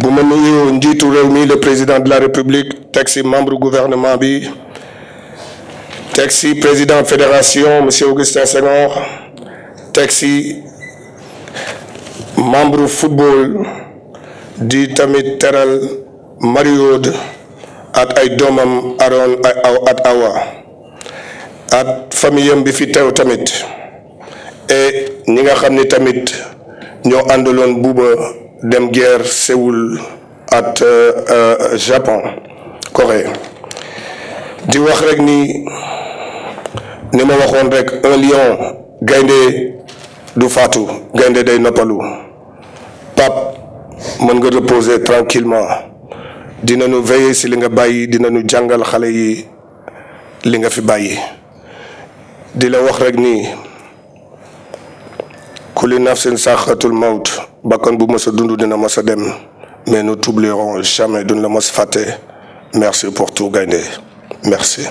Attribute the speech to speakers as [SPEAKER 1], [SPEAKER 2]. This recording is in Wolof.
[SPEAKER 1] bu ma le président de la république taxi membre du gouvernement bi Président président fédération monsieur Augustin Senghor taxi membre football dit tamit teral Mariode at ay Aaron at Awa at famille bi fi tamit et ñi nga tamit dem guerre Séoul at euh, euh, Japon Corée di wax rek ni nima waxone rek un lion gaynde du fatou gaynde day pap mën nga reposer tranquillement veiller si li nga yi li nga fi la wax rek ni nafsin bakon bu mës a dina dem mais nous troublerons jamais duñ la mës faté merci pour tout gagner. merci